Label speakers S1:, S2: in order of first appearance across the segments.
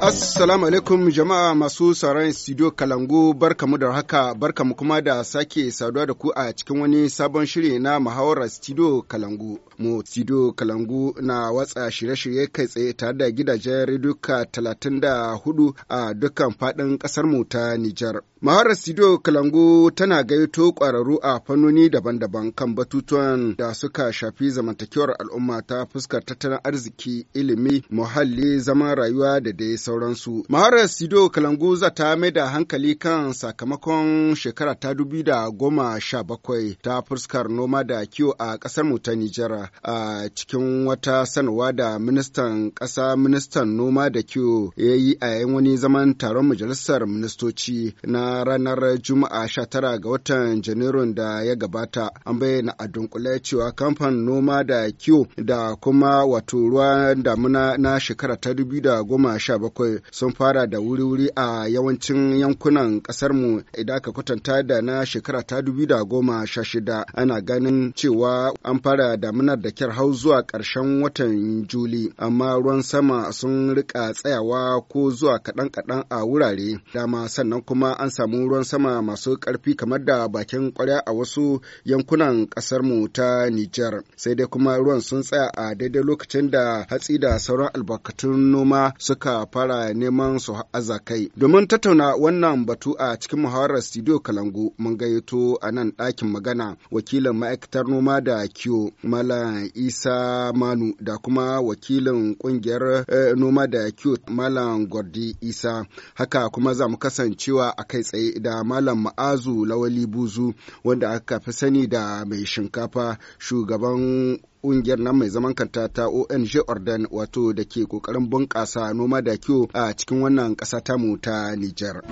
S1: Assalamu alaikum jama'a masu sauran studio Kalangu barkamu da haka barkamu kuma da sake saduwa da ku a cikin wani sabon shiri na muhawarar studio Kalangu. Motsido kalangu na watsa shirye-shirye kai tsaye tare da gidajen reduka 34 a dukkan faɗin ƙasar mu ta Nijar. Maharar sido kalangu tana gaito ƙwararru a fannoni daban-daban kan batutuwan da suka shafi zamantakewar al'umma ta fuskar tattalin arziki, ilimi, muhalli, zaman rayuwa da dai sauransu. Maharar sido kalangu za ta mai da hankali kan sakamakon shekara ta dubi da goma sha bakwai ta fuskar noma da kiwo a ƙasar mu ta Nijar. a cikin wata sanuwa da ministan ƙasa ministan noma da kiwo ya yi a yin wani zaman taron majalisar ministoci na ranar Juma'a 19 ga watan Janairun da ya gabata. An bayyana a dunkule cewa kamfan noma da kiwo da kuma wato ruwan damuna na shekara ta 2017 sun fara da wuri-wuri a yawancin yankunan ƙasarmu idan aka kwatanta da na shekara ta 2016 ana ganin cewa an fara damuna da kyar hau zuwa ƙarshen watan Juli, amma ruwan sama sun rika tsayawa ko zuwa kaɗan-kaɗan a wurare dama sannan kuma an samu ruwan sama masu ƙarfi kamar da bakin ƙwarya a wasu yankunan mu ta Nijar. Sai dai kuma ruwan sun tsaya a daidai lokacin da hatsi da sauran albarkatun noma suka fara neman su azakai. Domin tattauna wannan batu a cikin muhawarar studio Kalangu mun gayyato a nan ɗakin magana wakilin ma'aikatar noma da kiwo Malam Isa Manu da kuma wakilin kungiyar eh, noma da cute Malam Gordi Isa. Haka kuma za mu kasancewa a kai tsaye da Malam Ma'azu Lawali Buzu wanda aka fi sani da mai shinkafa shugaban ƙungiyar nan mai zaman kanta ta ONG ordan wato da ke ƙoƙarin bunƙasa noma da kyau a cikin wannan ƙasa tamu ta Nijar.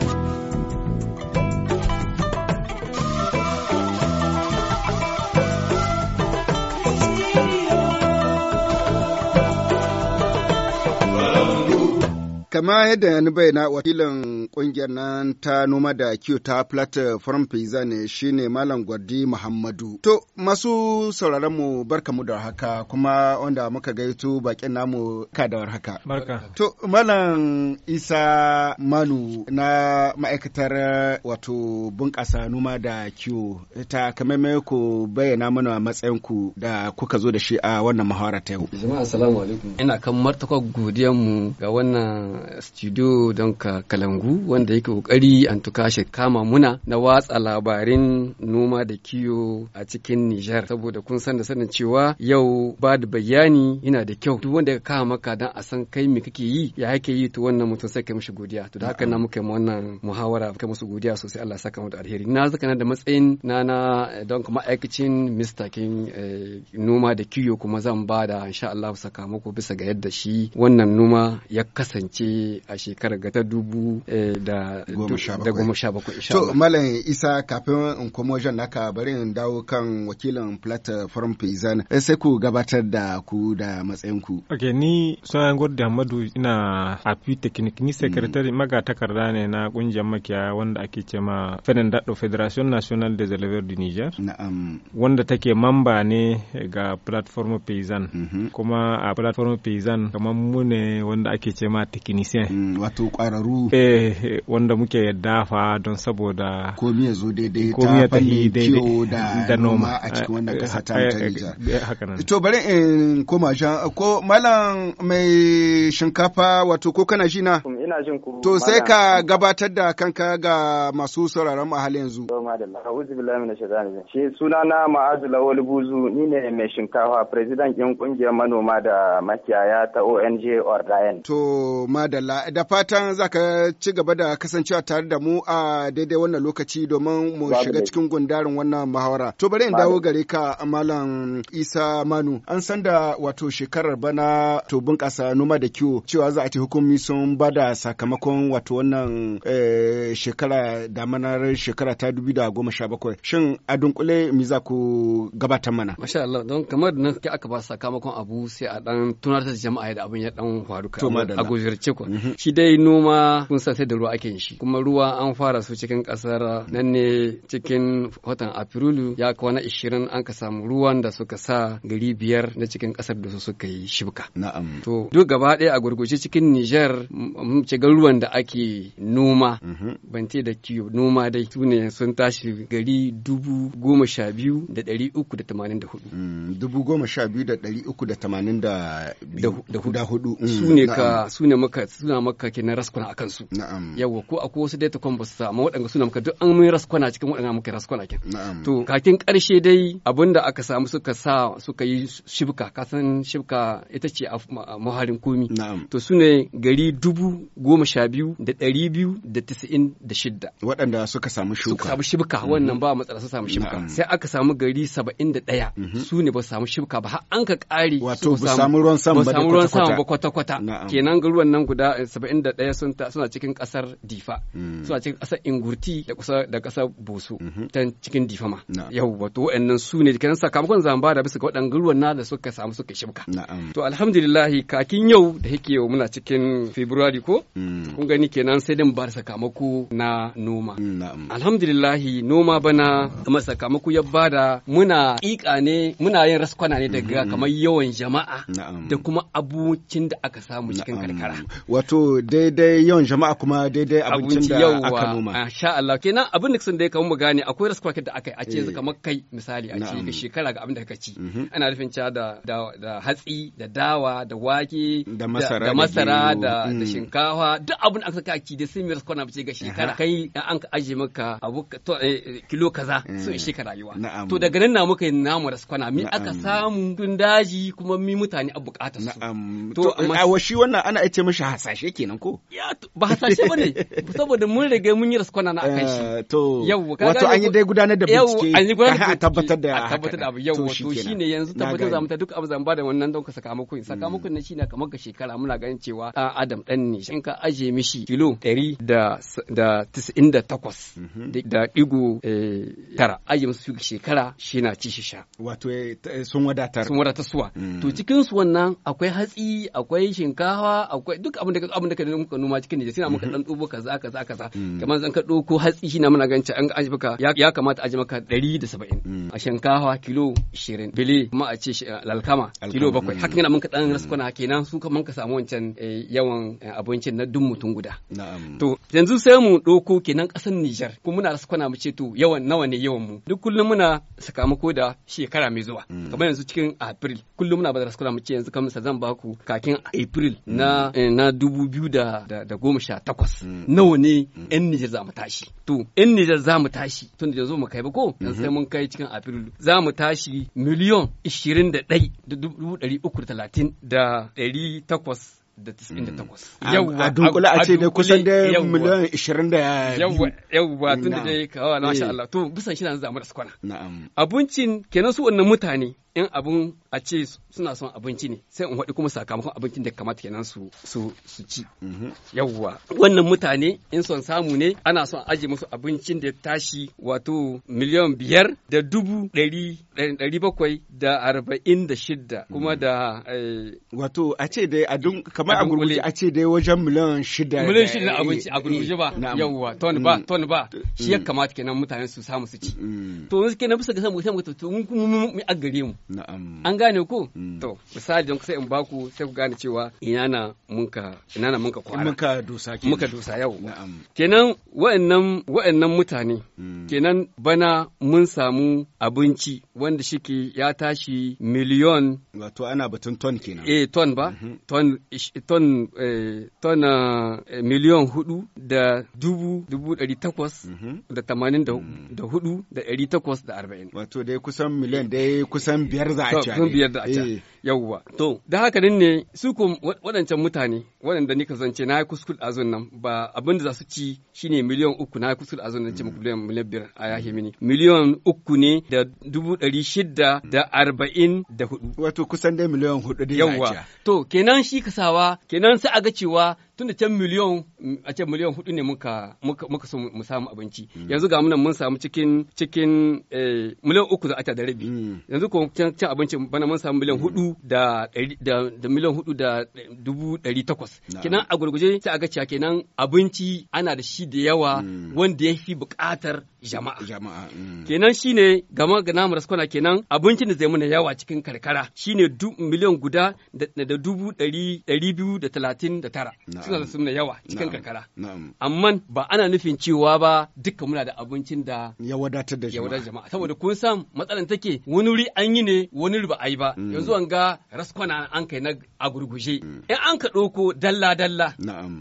S1: Kama yadda ni bayyana wakilin kungiyar nan ta noma da kiwo ta platform pizza ne shine Malam Gwardi Muhammadu. To masu sauraron mu barka mu da haka kuma wanda muka gaito bakin namu ka da haka. Barka. To Malam Isa Manu na ma'aikatar wato bunƙasa noma da kiwo ta kamar ku bayyana mana a matsayin ku da kuka zo da shi a wannan muhawara ta yau. Jama'a assalamu alaikum.
S2: Ina kan martakwa godiyar mu ga wannan studio don ka kalangu wanda yake kokari an tuka shi kama muna na watsa labarin noma da kiyo a cikin Nijar saboda kun san da sanin cewa yau ba da bayani yana da kyau duk wanda ya kama maka dan a san kai me kake yi ya kake yi to wannan mutum sai kai mishi godiya to da haka na muka wannan muhawara kai musu godiya sosai Allah saka mu da alheri na zaka da matsayin na na don kuma aikacin Mr. King eh, noma da kiyo kuma zan ba da insha Allah muku bisa ga yadda shi wannan noma ya kasance yi a shekarar ga ta dubu eh, da goma sha bakwai. To
S1: Malam Isa kafin in komo jan naka bari in dawo kan wakilin platform Pizan eh, sai ku gabatar da ku da matsayin
S3: ku. Ok ni sunan Gordi Hamadu ina afi technique ni secretary mm. maga takarda ne na kungiyar makiya wanda ake ce ma Fenandado Federation National des Éleveurs du Niger. Na'am. Wanda take mamba ne ga platform Pizan. Mhm. Kuma a platform Pizan kamar mu ne wanda ake ce ma technique technicien. Mm, wato ƙwararru eh wanda muke dafa don saboda komi ya zo daidai ta fanni kiwo da noma a cikin wannan eh, ƙasa ta eh, Nijar eh,
S1: to bari in koma shan ko malam mai shinkafa wato ko kana jina. Mm, ina jin ku to sai ka gabatar da kanka ga masu sauraron mu halin yanzu to
S4: madalla a'udhu billahi minash shaitanir rajim shi sunana ma'azu lawal buzu ni ne mai shinkafa president ɗin kungiyar manoma da makiyaya ta ONG Ordayen
S1: to madalla madalla da fatan za ci gaba da kasancewa tare da mu a daidai wannan lokaci domin mu shiga cikin gundarin wannan muhawara. To bari in dawo gare ka Malam Isa Manu an san da wato shekarar bana to bunƙasa noma da kiwo cewa za a ci hukumi sun bada sakamakon wato wannan eh, shekara damanar shekara ta dubi da goma sha bakwai. Shin a dunkule
S2: mi za ku gabatar mana? Masha Allah don kamar da aka ba sakamakon abu sai a dan tunar da jama'a yadda abin ya ɗan faru a gujirce ku ba mhm. shi dai noma kun san sai da ruwa ake shi kuma ruwa an fara su cikin kasar nan ne cikin watan afrilu ya kwana ishirin an ka samu ruwan da suka sa gari biyar na cikin kasar da su suka yi shibka na'am to duk gaba ɗaya a gurguje cikin Niger ce ruwan da ake noma mhm. ban ce da kiyo noma dai su ne sun tashi gari dubu goma sha biyu da ɗari uku da tamanin da hudu mm, dubu goma sha biyu da ɗari uku da tamanin da
S1: hudu su ne mm, ka
S2: su ne muka suna maka kenan raskwana akan su yawa ko akwai wasu data kwan ba su amma waɗanda suna maka duk an mai raskwana cikin waɗanda muka raskwana kin to kakin ƙarshe dai abinda aka samu suka sa suka yi shibka san shibka ita ce a muharin komi to su ne gari dubu goma sha biyu da ɗari biyu da tisa'in da shidda waɗanda suka samu shuka suka samu shibka wannan ba matsala su samu shibka sai aka samu gari saba'in da ɗaya mhm. su ne ba su samu shibka ba har an ka ƙare wato ba samu ruwan sama ba kwata-kwata kenan garuwan nan guda 71 sun suna cikin kasar difa mm. suna cikin kasar ingurti da kusa da kasar busu mm-hmm. ta cikin difa ma yau wato wa'annan su ne kan sakamakon zamba da bisa ga waɗannan ruwan na da suka samu suka shibka to alhamdulillah kakin yau da yake yau muna cikin february ko mm. kun gani kenan sai dan ba sakamako na noma mm, alhamdulillah noma bana kuma sakamako ya bada muna ƙiƙa ne muna yin raskwana ne daga mm-hmm. kamar yawan jama'a da kuma abucin da aka samu cikin karkara
S1: wato daidai yawan jama'a kuma daidai abincin da aka noma
S2: sha Allah kenan abin da sun dai kamar mu gane akwai risk da aka yi a ce eh. kamar kai misali a ce shekara ga abin da ka ci mm-hmm. ana nufin ca da hatsi da dawa da wake da masara da masara mm. shinkafa duk abin da aka saka ci da sai mai risk wannan ga shekara kai an ka aje maka abu eh, eh, kilo kaza so ishe ka rayuwa to daga nan na muka yi namu risk mi aka samu tun daji kuma mi mutane a bukatar su to amma shi wannan ana ce mashi hasashe kenan ko ba hasashe ba ne saboda mun rage mun yi raskwana na akan shi eh, to wato an yi dai
S1: gudanar da bincike an yi gudanar da
S2: tabbatar da tabbatar da abu yau wato shine yanzu tabbatar mu ta duk abu zan bada wannan don ka sakamakon hmm. sakamakon na shine kamar ga shekara muna ganin cewa dan adam dan ne in ka aje mishi kilo 100 mhm. da da 98 da digo eh, tara aje musu shekara shi na ci shi sha wato eh, sun wadatar sun wadatar suwa hmm. to cikin su wannan akwai hatsi akwai shinkafa akwai duk abin da abin da ka muka noma cikin Nijar suna muka dan mhm. dubo kaza kaza kaza mm. kamar zan ka doko hatsi shi na muna ganci an aji maka ya kamata ji maka 170 mm. a shinkafa kilo 20 bile kuma a ce eh, lalkama kilo 7 hakan mm. yana muka dan raskuna kenan su kaman ka samu wancan eh, yawan eh, abincin na dun mutum guda to yanzu sai mu doko kenan kasar Nijar kuma muna raskuna mu ce to yawan nawa ne yawan mu duk kullum muna sakamako da shekara mai zuwa kamar yanzu cikin April kullum muna ba da raskuna mu ce yanzu kamar zan ba ku kakin April na na dubu biyu da goma sha takwas. Mm. nawa ne yan mm. Nijar za mu tashi to yan Nijar za mu tashi tun da zo mu kai ba ko dan sai mm-hmm. mun kai cikin Afrilu za mu tashi miliyon ishirin da ɗai da dubu ɗari uku da talatin da ɗari takwas da tis'in da mm. takwas. Yawwa. A dunkula a ce ne kusan da miliyan
S1: ishirin da Yawwa
S2: yawwa tun da dai kawo na masha eh. Allah. To bisan shi na zamu da kwana. Na'am. Abincin kenan su wannan mutane in abun a ce suna son abinci ne sai in waɗi kuma sakamakon abincin da kamata kenan su su su ci yawwa wannan mutane in son samu ne ana son aje musu abincin da tashi wato miliyan biyar da dubu ɗari ɗari bakwai da arba'in da shidda kuma da wato a ce dai a dun kamar a gurguje
S1: a ce dai wajen miliyan shidda. miliyan shidda abinci a
S2: gurguje ba yawwa ton ba ton ba shi ya kamata kenan mutane su samu su ci to yanzu kenan bisa ga samu sai mu to mu a gare mu An gane ku? Mm. To, misali don sai in baku sai ku gane cewa ina na munka ina na munka kwara. Muka dosa kenan. Muka dosa yau. Kenan wa'annan wa'annan mutane mm. kenan bana mun samu abinci wanda shike ya tashi miliyon wato ana batun ton kenan. Eh ton ba? Mm-hmm. Ton ton eh, ton eh, miliyon hudu da dubu dubu dari takwas mm-hmm. da tamanin mm. da hudu da dari takwas da arba'in. Wato dai kusan miliyan dai kusan biyar da yauwa to da haka nan ne su ko waɗancan mutane waɗanda ni kasance na yi kuskul a nan ba abin da za su ci shine miliyan uku na yi kuskul a nan ce muku mm. miliyan miliyan biyar a yahi mini miliyan uku ne da dubu ɗari shida da arba'in da hudu wato kusan dai miliyan hudu dai yauwa to kenan shi kasawa kenan sai a ga cewa tun da can miliyon a can miliyon hudu ne muka muka so mu samu abinci mm. yanzu ga munan mun samu cikin cikin eh, miliyan uku da ta da rabi mm. yanzu ko can abinci bana mun samu miliyan hudu da miliyan hudu da dubu dari takwas kenan a gurguje sai a cewa kenan abinci ana da shi da yawa mm. wanda ya fi buƙatar jama'a mm. kenan shine gama ga namu raskwana kenan abincin da zai muna yawa cikin karkara shine miliyan guda da dubu dari biyu da talatin da tara suna da suna yawa cikin karkara amma ba ana nufin cewa ba duka muna da abincin da
S1: ya wadatar da jama'a
S2: saboda kun san matsalan take wani wuri an yi ne wani ba a yi ba mm. yanzu an ga raskwana an kai na a gurguje mm. in an ka ɗauko dalla dalla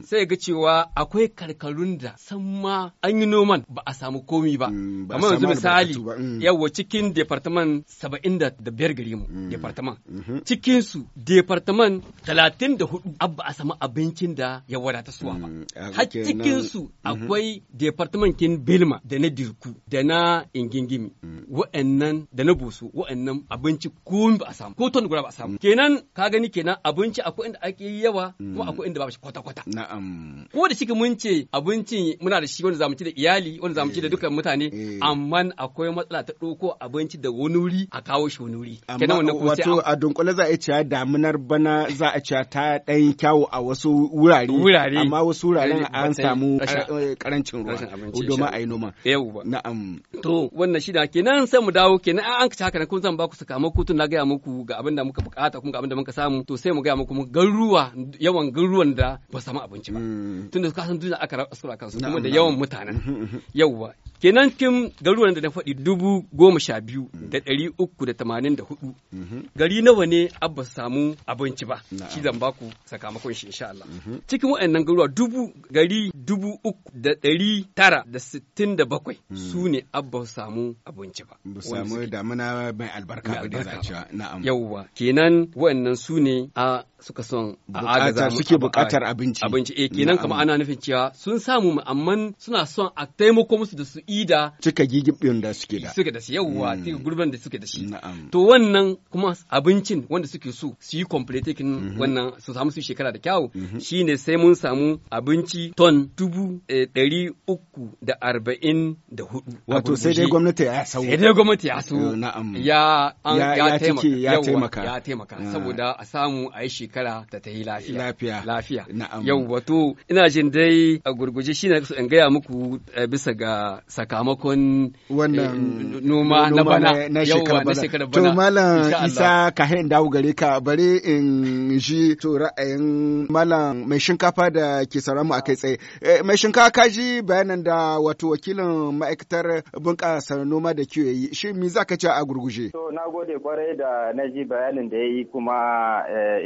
S2: sai ga cewa akwai karkarun da san ma an yi noman ba a samu komi ba mm, kamar yanzu misali mm. yawa cikin departament saba'in da biyar gare mu departament mm-hmm. cikin su departament talatin da hudu abba a samu abincin da ya wadata suwa ba har cikin su mm-hmm. akwai departament kin bilma da na dirku da na ingingimi wa'annan da na boso wa'annan abinci komi ba a samu ko ton guda ba samu mm. kenan ka gani kenan abinci akwai inda ake yi yawa mm. kuma akwai inda ba shi kwata kwata na'am ko da shi mun ce abincin muna da shi wanda zamu ci da iyali wanda zamu ci da eh. dukkan mutane eh. amma akwai matsala ta ɗauko abinci da wani wuri a kawo shi wani wuri kenan wannan kuma wato a
S1: dunkule za a ciya daminar bana za a ciya ta ɗan kyawu a wasu wurare wurare amma wasu wuraren an samu
S2: karancin eh, ruwa domin a yi noma yauwa na'am to wannan shi da kenan sai mu dawo kenan an ka haka kun zan ba ku sakamako tun na gaya muku ga abin da muka bukata kuma ga abin da muka samu to sai mu gaya muku garuruwa yawan garuruwan da ba samu abinci ba hmm. tunda ka san duniya aka rasu kansu kuma da yawan mutanen hmm, hmm, yauwa kenan kin garuruwan da na faɗi dubu goma sha biyu mm. da ɗari uku da tamanin da hudu mm-hmm. gari nawa ne abba samu abinci ba shi zan ku sakamakon shi insha Allah mm-hmm. cikin waɗannan garuruwa dubu gari dubu uku da ɗari tara da sittin da bakwai mm. su ne abba samu abinci ba ba samu damuna mai albarka ba da zaciwa na'am yawwa kenan waɗannan su ne a suka son bukatar suke bukatar abinci abinci eh kenan kamar ana nufin cewa sun samu amma suna son a taimako musu da su ida
S1: cika gigibin da suke da suke
S2: da shi yawwa mm. cikin gurban da suke da shi to wannan kuma abincin wanda suke so su yi complete kin mhm. wannan su samu su shekara da kyawu mhm. shine sai mun samu abinci ton dubu eh, ɗari uku da arba'in da hudu wato sai dai
S1: gwamnati ya sau sai dai gwamnati ya sau
S2: eh, ya ya taimaka ya taimaka ah. saboda a samu a yi shekara shekara ta yi lafiya lafiya lafiya yau wato ina jin dai a gurguje shi na in gaya muku eh, bisa ga sakamakon wannan eh, noma na bana na shekara bana to malam isa
S1: dawo gare ka in ji to ra'ayin malam mai shinkafa da ke sauraron a kai tsaye eh, mai shinkafa ka ji bayanan da wato wakilin ma'aikatar bunƙasa noma da kiwo yi shi me za ka a gurguje
S4: to na gode kwarai da na ji bayanin da ya yi kuma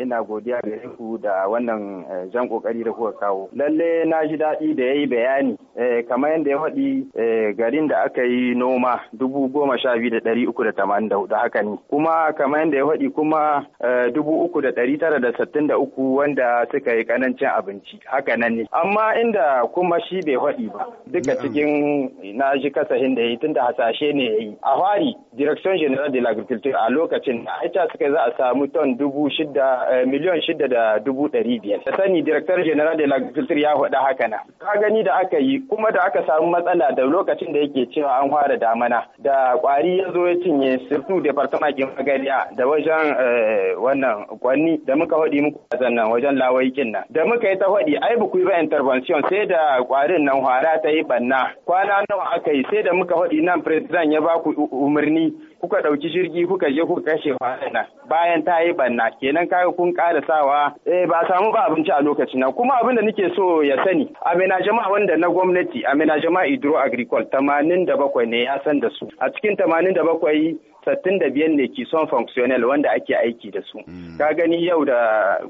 S4: ina gode godiya gare ku da wannan eh, jan kokari da kuka kawo. Lalle na ji daɗi da ya yi bayani eh, kamar yadda ya faɗi eh, garin da aka yi noma dubu goma sha biyu da ɗari uku da tamanin da hudu haka ne. Kuma kamar yadda ya faɗi kuma dubu uku da ɗari tara da sittin da uku wanda suka yi ƙanancin abinci haka nan ne. Amma inda kuma shi bai faɗi ba duka cikin na ji kasahin da ya yi tunda hasashe ne ya yi. A fari Direction General de l'Agriculture a lokacin da ita suka za a samu ton dubu shida miliyan shida da dubu ɗari biyar. Da sani diraktar General de l'Agriculture ya faɗa haka na. Ka gani da aka yi kuma da aka samu matsala da lokacin da yake cewa an fara damana da kwari ya zo ya cinye sirtu departament ɗin magariya da wajen eh, wannan kwanni da muka faɗi muku a zannan wajen lawaikin nan. Da muka yi ta faɗi ai ba ku yi ba intervention sai da kwarin nan hara ta yi ɓanna. Kwana nawa aka yi sai da muka faɗi nan president ya ba ku umarni kuka ɗauki jirgi kuka je kuka kashe nan bayan ta yi banna kenan kaga kun ƙara sawa eh ba samu ba abinci a lokacin nan kuma abin da nake so ya sani a jama'a wanda na gwamnati Amina jama'a idro agricole 87 ne ya san da su a cikin 87 sattin da biyan ne ki son functional wanda ake aiki da su. Hmm. Ka gani yau da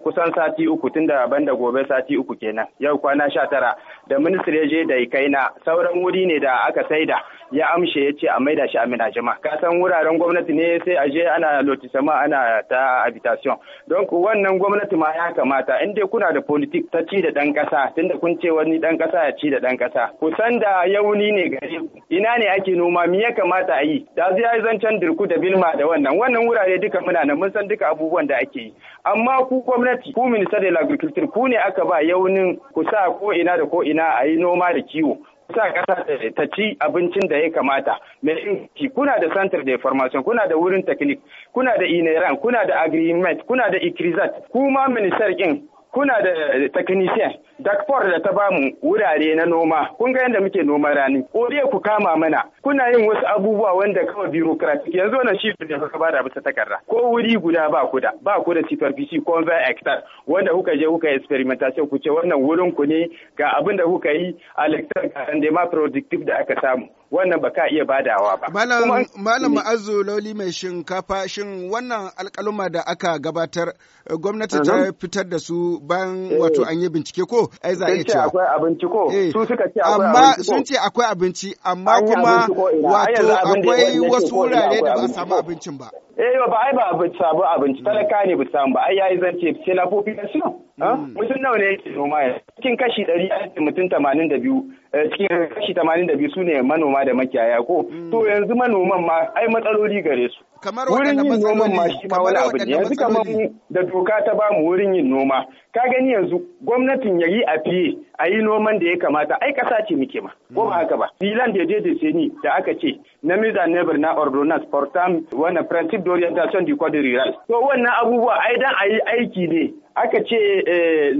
S4: kusan sati uku tun da banda gobe sati uku kenan yau kwana sha tara da ministry ya je da ya kai na sauran wuri ne da aka saida ya amshe ya ce a maida shi a minajima. Ka san wuraren gwamnati ne sai a je ana lotisama ana ta habitation. Don ku wannan gwamnati ma ya kamata in dai kuna da politik ta ci da ɗan ƙasa tunda kun ce wani ɗan ƙasa ya ci da ɗan ƙasa. Kusan da yauni ne gare ku ina ne ake noma me ya kamata a yi da zai zancen dirku Ku da Bilma da wannan wannan wurare duka muna nan mun san duka abubuwan da ake yi amma ku gwamnati ku de agriculture ku ne aka ba yaunin ku sa ko ina da ko ina a yi noma da kiwo ku sa kasa ta ci abincin da ya kamata mai inci kuna da center da information kuna da wurin technique kuna da ineran kuna da agreement kuna da ikrizat ma minister kin kuna da technician dakfor da ta bamu wurare na noma kun ga yadda muke noma rani kore ku kama mana kuna yin wasu abubuwa wanda kawai bureaucratic yanzu wannan shi da kuka da bisa takarda ko wuri guda ba ku da ba ku da superfici ko hectare wanda kuka je kuka experimentation ku ce wannan wurin ku ne ga abin da kuka yi a lecture ga ma productive da aka samu wannan ba ka iya badawa ba. Malam mm.
S1: Ma'azu Lauli mai shinkafa shin wannan alkaluma da aka gabatar eh, gwamnati ta mm-hmm. fitar da su bayan eh. wato an yi bincike ko ai za a iya cewa. akwai abinci ko eh. su suka ce akwai abinci ko. Sun ce akwai abinci amma kuma wato akwai wasu wurare da ba a samu
S4: abincin ba. eh ba ai ba sabu abinci mm. talaka ne ba samu ba ai yayi zance sai lafofi na suna mm. ah, mutum nawa ne yake noma ya cikin kashi ɗari mutum tamanin da biyu eh, cikin kashi tamanin da biyu su ne manoma da makiyaya ko mm. to yanzu manoman ma ai matsaloli gare su wurin yin noman ma shi ma wani abu ne yanzu kamar da doka ta bamu wurin yin noma ka gani yanzu gwamnatin ya yi a fiye a yi noman da ya kamata ai ƙasa ce muke ma ko ba haka ba filan mm. da da ni da aka ce na miza nebar na ordonance portam wannan principe d'orientation du code rural to wannan abubuwa ai dan a yi aiki ne aka ce eh,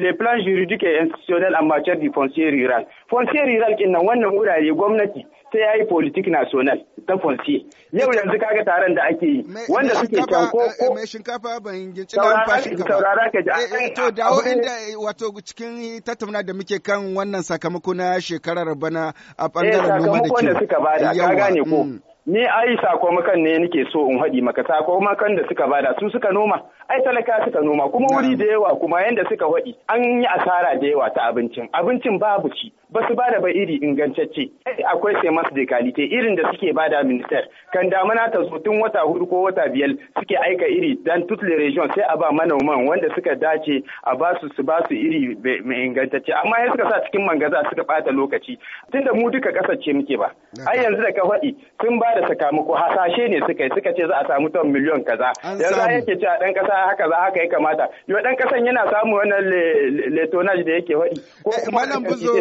S4: le plan juridique et institutionnel en matière du foncier rural foncier rural kinnan wannan wurare gwamnati sai ya yi politik national ta fonsi yau yanzu kaga
S1: taron da ake yi wanda suke can ko ko eh, mai shinkafa ban ginci na fa shinkafa saurara ka ji eh, eh, to dawo inda wato cikin tattauna da muke kan wannan sakamako na shekarar bana a bangaren noma da kiwo suka bada ka gane ko mm.
S4: ni ai sakamakon ne nake so in haɗi maka sakamakon da suka bada su suka noma ai talaka suka noma kuma wuri da yawa kuma yanda suka waɗi an yi asara da yawa ta abincin abincin babu ci ba su bada ba iri ingantacce akwai sai masu da irin da suke bada minister kan damuna ta zo tun wata hudu ko wata biyar suke aika iri dan tutle region sai a ba manoman wanda suka dace a ba su su ba su iri mai ingantacce amma sai suka sa cikin mangaza suka bata lokaci tunda mu duka kasar muke ba ai yanzu da ka faɗi sun bada sakamako hasashe ne suka yi suka ce za a samu ton miliyon kaza yanzu yake ce a dan kasa haka za haka ya kamata yau dan kasan yana samu wannan letonage da yake faɗi ko eh, malam buzo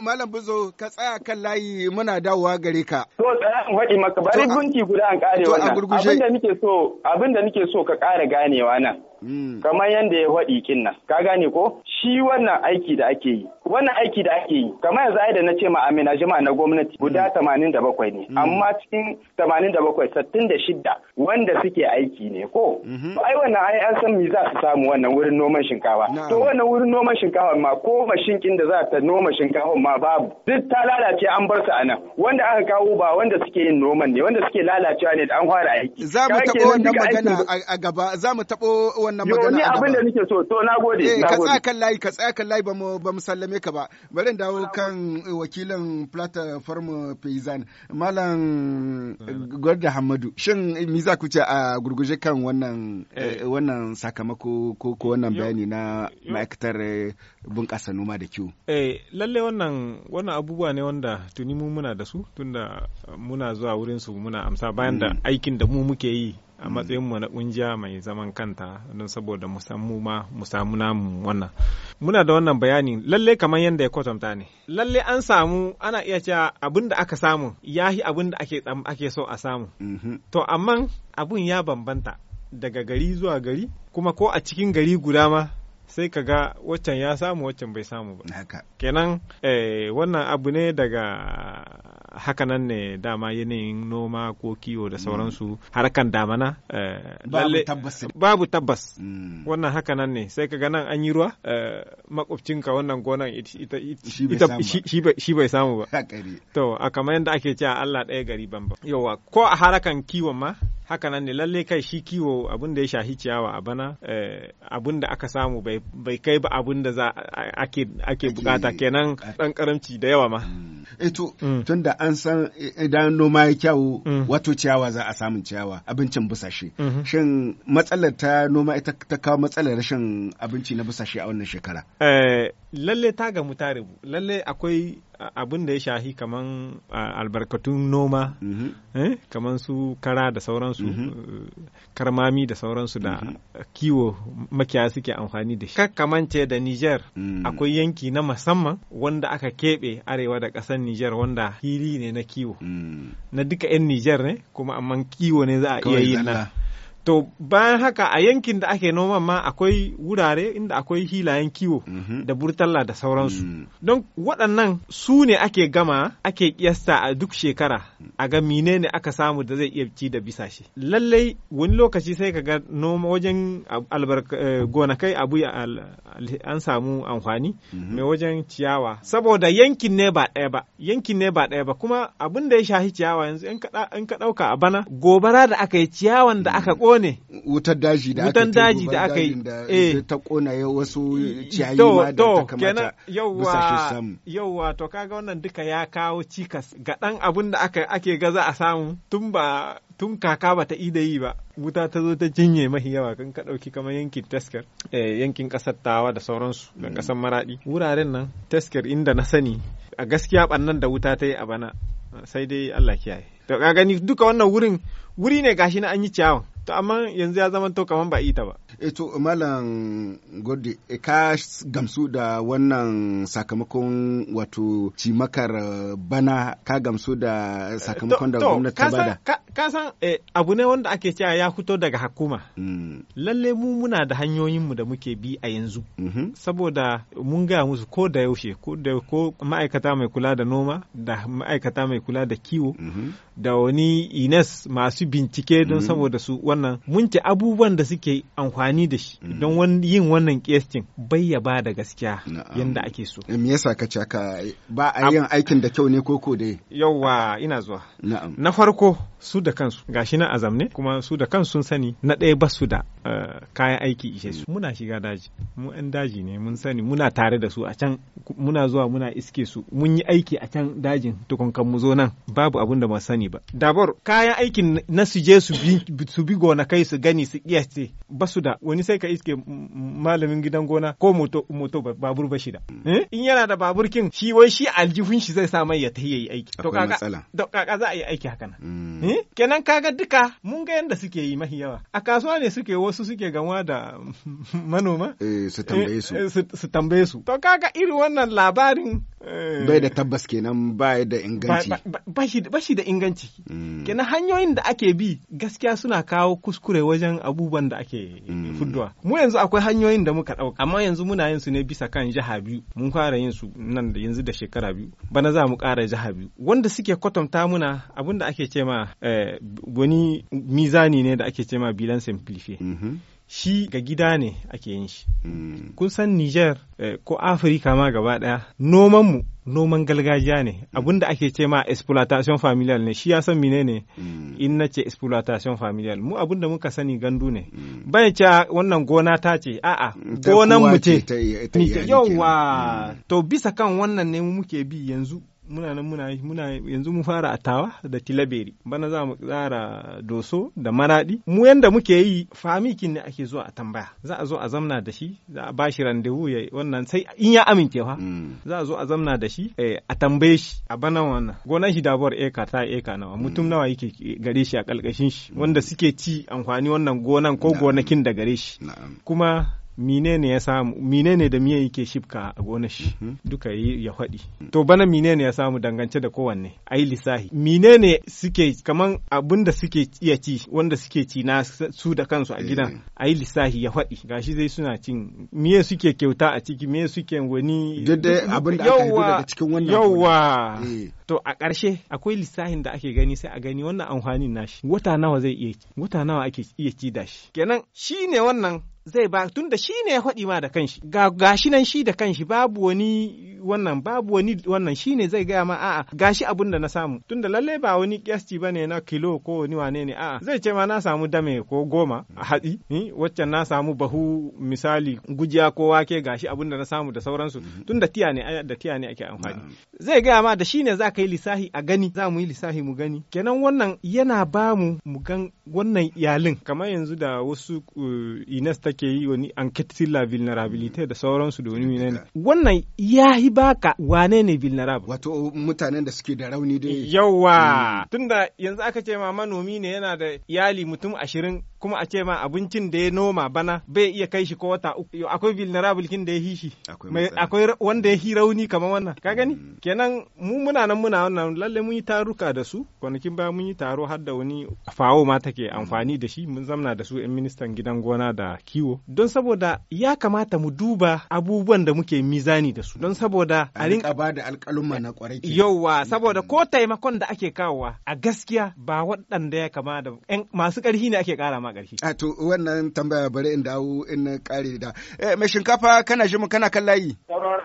S4: malam
S1: buzo ka tsaya kan layi muna dawowa gare ka to tsaya mu faɗi maka bari gunki
S4: guda an kare wannan abinda nake so abinda nake so ka kara ganewa nan hmm. kamar yanda ya faɗi kin ka gane ko shi wannan aiki da ake yi wannan aiki da ake yi kamar yanzu ai da na ce ma amina jima na gwamnati guda mm. tamanin da bakwai ne mm. amma cikin tamanin da bakwai sittin da shidda wanda suke aiki ne ko mm-hmm. to ai wannan ai an san me za su samu wannan wurin noman shinkawa to wannan wurin noman shinkawa ma ko mashinkin da za ta noma shinkawa ma babu duk ta lalace an bar su a nan wanda aka kawo ba wanda suke yin noman ne wanda suke lalacewa ne da an fara
S1: aiki za mu taɓo wannan magana a gaba za mu taɓo wannan magana a gaba abin da nake so to nagode eh, nagode ka tsaya kan layi ka tsaya kallai ba mu ba mu sallame ka ba bari dawo kan wakilan platform peizan malam eh. gwarda hamadu shin mi za ku ce a gurguje kan wannan eh. Eh, wannan sakamako ko ko wannan bayani na ma'aikatar bunƙasa noma da kiwo
S3: eh lalle wannan wannan abubuwa ne wanda tuni mu muna da su tunda muna zuwa wurin su muna amsa bayan da mm. aikin da mu muke yi a matsayin mu na kungiya mai zaman kanta don saboda mu samu ma mu samu namu wannan muna da wannan bayani lalle kamar yadda ya kwatanta ne lalle an samu ana iya cewa abin da aka samu yahi abin da ake ake so a samu mm-hmm. to amma abun ya bambanta daga gari zuwa gari kuma ko a cikin gari guda ma sai ka ga waccan ya samu waccan bai samu ba kenan eh, wannan abu ne daga nan ne dama yanayin noma ko kiwo da sauransu harkan damana eh, babu tabbas mm. wannan nan ne sai kaga nan an yi ruwa eh, makwabcinka wannan gonan shi bai samu ba to a kamar yadda ake cewa Allah ɗaya gari banban. yawa ko a harakan kiwon ma haka nan ne lalle kai shi kiwo abin da ya shahi ciyawa a bana eh, abin da aka samu bai kai ba abin da za ake bukata kenan dan karamci da yawa ma mm.
S1: eto eh mm. tun da an san eh, idan noma ya kyau mm. wato ciyawa za a samu ciyawa abincin busashe mm-hmm. shin matsalar ta noma ita ta kawo matsalar rashin abinci na busashe a wannan shekara
S3: lalle ta gamu ta rabu lalle akwai abin da ya shahi kaman albarkatun noma mm-hmm. eh, kaman su kara da sauransu mm-hmm. eh, karmami da sauransu da mm-hmm. kiwo makiya suke amfani da shi ce da niger mm. akwai yanki na musamman wanda aka keɓe arewa da ƙasar niger wanda hili ne na kiwo mm. na duka 'yan niger ne kuma amman kiwo ne za a iya yi na to bayan haka a yankin da ake noma ma akwai wurare inda akwai hilayen kiwo mm -hmm. da burtalla da sauransu mm -hmm. don waɗannan su ne ake gama ake kiyasta a duk shekara a ga mine ne aka samu da zai iya ci da bisashe lallai wani lokaci sai ka ga noma wajen eh, gonakai abu an samu amfani mhm. mai mm wajen ciyawa saboda yankin ne ba ɗaya ba yankin ne ba ɗaya ba kuma abin da ya shahi ciyawa yanzu in ka ɗauka a bana gobara da aka yi ciyawan da aka mm. kone wutar daji da wutan daji da aka yi eh ta kona
S1: wasu ciyayi ma da ta kamata yauwa
S3: yauwa to kaga wannan duka ya kawo cikas ga dan abin da aka ake gaza a samu tun ba tun kaka ba ta ida yi ba wuta ta zo ta jinye mahi yawa kan ka dauki kamar yankin taskar eh, yankin kasar tawa da sauransu da kasar mm. maradi wuraren nan tasker inda na sani a gaskiya bannan da wuta ta yi a bana sai dai Allah kiyaye ka gani duka wannan wurin wuri ne gashi na an yi ciyawan to amma yanzu ya zama to kaman ba ita ba
S1: e to malam gode eh, ka gamsu da wannan sakamakon wato cimakar eh, bana ka gamsu da sakamakon da gwamnati ta bada
S3: ka san abu ne wanda ake cewa ya fito daga hakuma mm. lalle mu muna da hanyoyin mu da muke bi a yanzu mm-hmm. saboda mun gaya musu ko da yaushe ko da ko ma'aikata mai kula da noma da ma'aikata mai kula da kiwo mm-hmm. da wani ines masu bincike don mm-hmm. saboda su wannan nan mun ce abubuwan da suke amfani da shi mm. don yin wannan kestin bai ya ba da gaskiya yadda ake so
S1: me yasa ka ce ka ba a yin aikin da kyau ne koko dai
S3: yawwa ina zuwa na farko su da kansu gashi na azam ne kuma su da kansu sun sani na ɗaya ba su da eh, kayan aiki ishe su muna shiga daji mu ɗan daji ne mun sani muna tare da su a can muna zuwa muna iske su mun yi aiki a can dajin tukunkan mu zo nan babu abin da ma sani ba dabar kayan aikin na su je su bi su bi kai su gani su kiyace ba su da wani sai ka iske malamin gidan gona ko moto moto babur ba shi da mm. eh? in yana da babur kin shi wai shi aljihun shi zai sa mai ya tayi aiki to kaka za a yi aiki haka nan mm. eh? ne hmm? kenan kaga duka mun ga yadda suke yi mahi yawa a kasuwa ne suke wasu suke gamuwa da manoma eh,
S1: eh, eh,
S3: su tambaye su to kaga irin wannan labarin bai da tabbas kenan bai da inganci ba shi da inganci hmm. kenan hanyoyin da ake bi gaskiya suna kawo kuskure wajen abubuwan da ake hmm. fuduwa mu yanzu akwai hanyoyin da muka ɗauka amma yanzu muna yin su ne bisa kan jiha biyu mun fara yin su nan da yanzu da shekara biyu bana za mu kara jiha biyu wanda suke kwatanta muna abin da ake ce ma Eh, wani mizani ne da ake cema bilan simplifiye mhm. shi ga gida ne ake yin shi mm. kun san niger eh, ko afirka ma gaba daya nomanmu noman gargajiya ne mm. abinda ake cema exploitation familial ne shi ya san mine ne mm. in na ce exploitation familial mu abun da muka sani gandu ne bai ce ah, wannan gona ta ce a'a gonan mu ce
S1: yauwa
S3: to bisa kan wannan ne muke bi yanzu muna nan muna muna yanzu mu fara atawa da tilaberi bana za mu tsara doso da maradi mu yanda muke yi famikin ne ake zuwa a tambaya za a zo a zamna da shi za a bashi randewu ya wannan sai in ya amincewa mm. za a zo a zamna da shi eh, a tambaye shi a bana wannan gonan shi dabuwar eka ta eka nawa mm. mutum nawa yake eh, gare shi a kalkashin shi wanda suke ci amfani wannan gonan ko gonakin da gare shi kuma menene ya samu menene da miye yake shifka a gonar shi mhm. duka yi ya faɗi to bana menene ya samu dangance da kowanne ai lissahi menene suke kaman abin da suke iya ci wanda suke ci na su da kansu a gidan eh. ai lissahi ya faɗi gashi dai suna cin miye suke kyauta a ciki miye suke wani daidai abin da aka hito daga cikin wannan yawa eh. to a ƙarshe akwai lissahin da ake gani sai a gani wannan amfanin nashi wata nawa zai iya ci. wata nawa ake iya ci da shi kenan shine wannan zai ba tun da shi ne ya faɗi ma da kanshi ga gashi nan shi da kanshi babu wani wannan babu wani wannan shi ne zai gaya ma a'a gashi abin da na samu tun da lallai ba wani kyasti ba ne na kilo ko wani wane ne a'a zai ce ma na samu dame ko goma a hatsi ni waccan na samu bahu misali gujiya ko wake gashi abin da na samu da sauransu mhm. tun da tiya ne da tiya ne ake amfani zai gaya ma da shi ne za ka yi lissafi a gani za mu yi lissafi mu gani kenan wannan yana ba mu mu gan wannan iyalin kamar yanzu da wasu eh, ines take yi wani sur la vulnerabilité da sauransu da wani menene wannan yahi baka wane ne vulnerable wato mutanen da suke da rauni dai yawa mm. tunda yanzu aka ce ma manomi ne yana da iyali mutum ashirin kuma a ce ma abincin da ya noma bana bai iya kai shi ko wata uku akwai vulnerable kin da ya hishi akwai wanda ya hi rauni kamar wannan ka gani mm. kenan mu muna nan muna wannan lalle mun yi taruka da su kwanakin baya mun yi taro har da wani fawo ma take mm. amfani da shi mun zamna da su yan ministan gidan gona da kiwo don saboda ya kamata mu duba abubuwan da muke mizani da su don saboda a rinka ba da alƙaluma na kwarai yauwa saboda ko mm. taimakon da ake kawowa a gaskiya ba waɗanda ya kama da masu ƙarfi ne ake ƙara ma a ƙarfi.
S1: A to wannan tambaya bari in dawo in ƙare da. Eh, mai shinkafa kana jimu kana kan layi.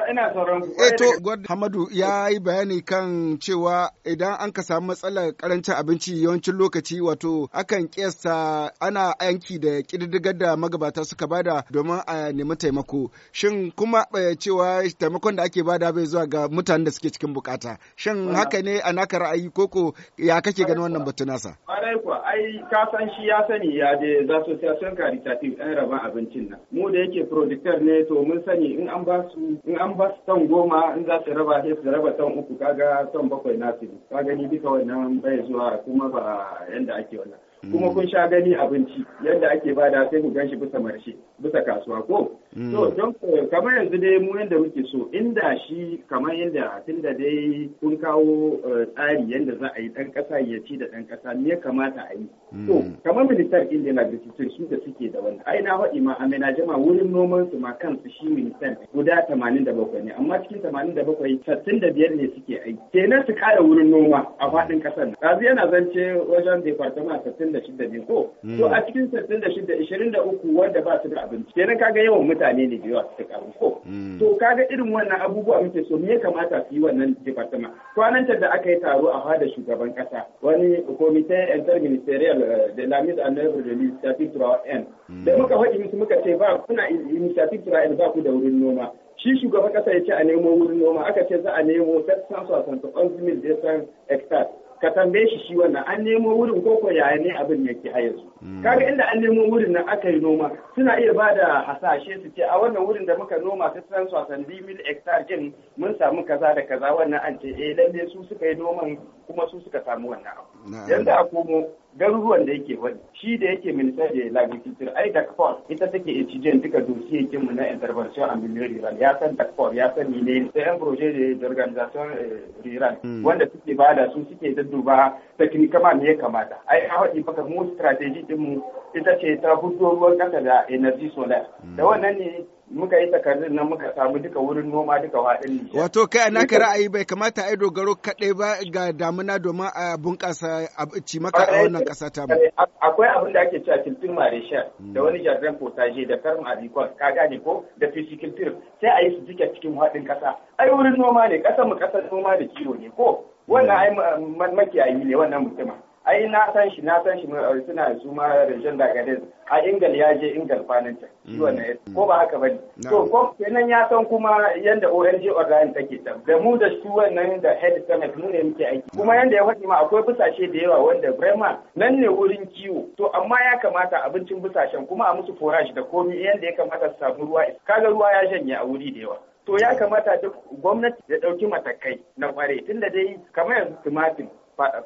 S3: Ina sauran eh,
S1: to Hamadu ya yi bayani kan cewa idan an ka samu matsalar karancin abinci yawancin lokaci wato akan kiyasta ana yanki da ƙididdigar da magabata suka bada domin a nemi taimako. Shin kuma eh, cewa taimakon da ake bada bai zuwa ga mutanen da suke cikin bukata. Shin haka ne a naka ra'ayi koko ya kake ganin wannan batu nasa?
S4: kuwa ai ka shi ya sani ya a des associations caritatives ɗan raban abincin nan mu da yake producteur ne to mun sani in an ba su in an ba su tan goma in za su raba sai su raba tan uku kaga tan bakwai na su. ka gani duka wannan bai zuwa kuma ba yanda ake wannan kuma kun sha gani abinci yadda ake bada sai ku shi bisa marshe bisa kasuwa ko mm. to don eh, kamar yanzu dai mu yanda muke so inda shi kamar yanda tunda dai kun kawo eh, tsari yadda za a yi dan kasa ya ci da dan kasa me ya kamata a yi mm. to kamar ministan da Agriculture su da suke da wannan ai na faɗi ma amina jama wurin noman su ma kansu shi ministan guda 87 ne amma cikin 87 65 ne suke aiki kenan su kare wurin noma a faɗin kasar nan yanzu yana zance wajen department da shida ne ko mm. to a cikin sittin da shida ishirin da uku wanda ba su da abinci kenan kaga yawan mutane ne da yawa su karu ko mm. to kaga irin wannan abubuwa muke so me ya kamata su yi wannan department kwanan can da aka yi taro a fada shugaban kasa wani comité ministerial eh, de la mise en oeuvre de l'initiative trois n mm. da muka faɗi musu muka ce ba kuna initiative trois n ba ku da wurin noma shi shugaban kasa ya ce a nemo wurin noma aka ce za a nemo 760 mil 200 hectares ka tambaye shi shi wannan an nemo wurin ko yaya ne abin yake a yanzu hmm. kaga inda an nemo wurin nan aka yi noma suna iya ba da hasashe su ce a wannan wurin da muka noma ta san swasan mil hectare ɗin mun samu kaza da kaza wannan an ce eh lalle su suka yi noman kuma su suka samu wannan abu yanzu a komo garuruwan da yake wani shi da yake minister da l'agriculture ai dakfor ita take ecijen duka dosiyekin mu na intervention en milieu rural ya san dakfor ya san ne sai yan projet de organisation eh, rural hmm. wanda suke ba da su suke dadduba technical ne ya kamata ai a faɗi baka mu strategy din mu ita ce ta hudu ruwan kasa da energy solar hmm. da wannan ne muka yi takardun nan muka samu duka wurin noma duka waɗin Nijar.
S1: Wato kai a naka ra'ayi bai kamata a yi dogaro kaɗai ba ga damuna domin a bunƙasa cimaka a wannan ƙasa ta mu.
S4: Akwai abin da ake cewa kiltin marisha hmm. da wani jardin potaje da karin abikon ka gane ko da fisikiltir sai a yi su jike cikin waɗin ƙasa. Ai wurin noma ne ƙasa mu ƙasar noma da kiwo ne ko wannan ai makiyayi ne wannan mutumin. ai na san shi na san shi suna su ma Rajan Dagadez a Ingal ya je Ingal kwanan ta mm. ko ba haka bane mm. to ko kenan ya san kuma yanda ONG Organic take ta da mu da su wannan da Head Summit mu ne muke aiki kuma mm. yanda ya faɗi ma akwai busashe da yawa wanda Brema nan ne wurin kiwo to amma ya kamata abincin busashen kuma a musu forage da komi yanda ya kamata su samu ruwa kaga ruwa ya janye a wuri da yawa to ya kamata duk gwamnati ya ɗauki matakai na kware tunda dai kamar yanzu tumatir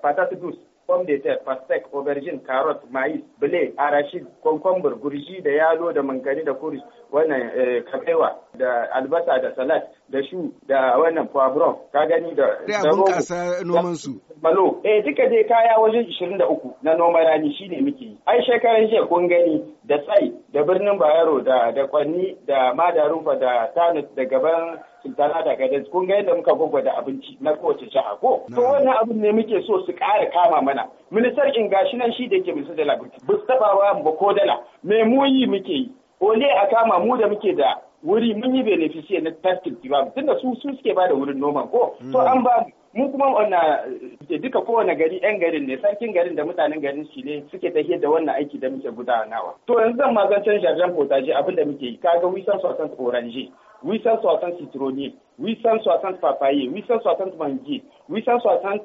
S4: fatata pomme de terre, pastèque, aubergine, carotte, maïs, blé, arachide, concombre, gurji da yalo da mangani da kuris, wannan eh, kabewa da albasa da salat da shu da wannan poivron, ka gani da da bunƙasa noman su. Malo, eh duka dai kaya wajen 23 na noman rani shine muke yi. Ai shekaran jiya kun gani da tsai da birnin Bayero da da Kwanni da Madarufa da Tanut da gaban sultana da gadas kun ga yadda muka da abinci na kowace jiha ko to wannan abin ne muke so su ƙara kama mana ministar in gashi nan shi da yake ministar da labirki ba su taba wa ko dala me mu yi muke yi ole a kama mu da muke da wuri mun yi beneficiary na taskin ba tunda su su suke ba da wurin noman ko to mm. an ba mu kuma wannan eh, duka kowane gari yan garin ne sarkin garin da mutanen garin shi ne suke tafiyar da wannan aiki da muke gudanawa to yanzu zan ma zan canza potaje abin da muke yi kaga wisan sosan orange 860 citronnier, 860 papayers, 860 mangiers, 860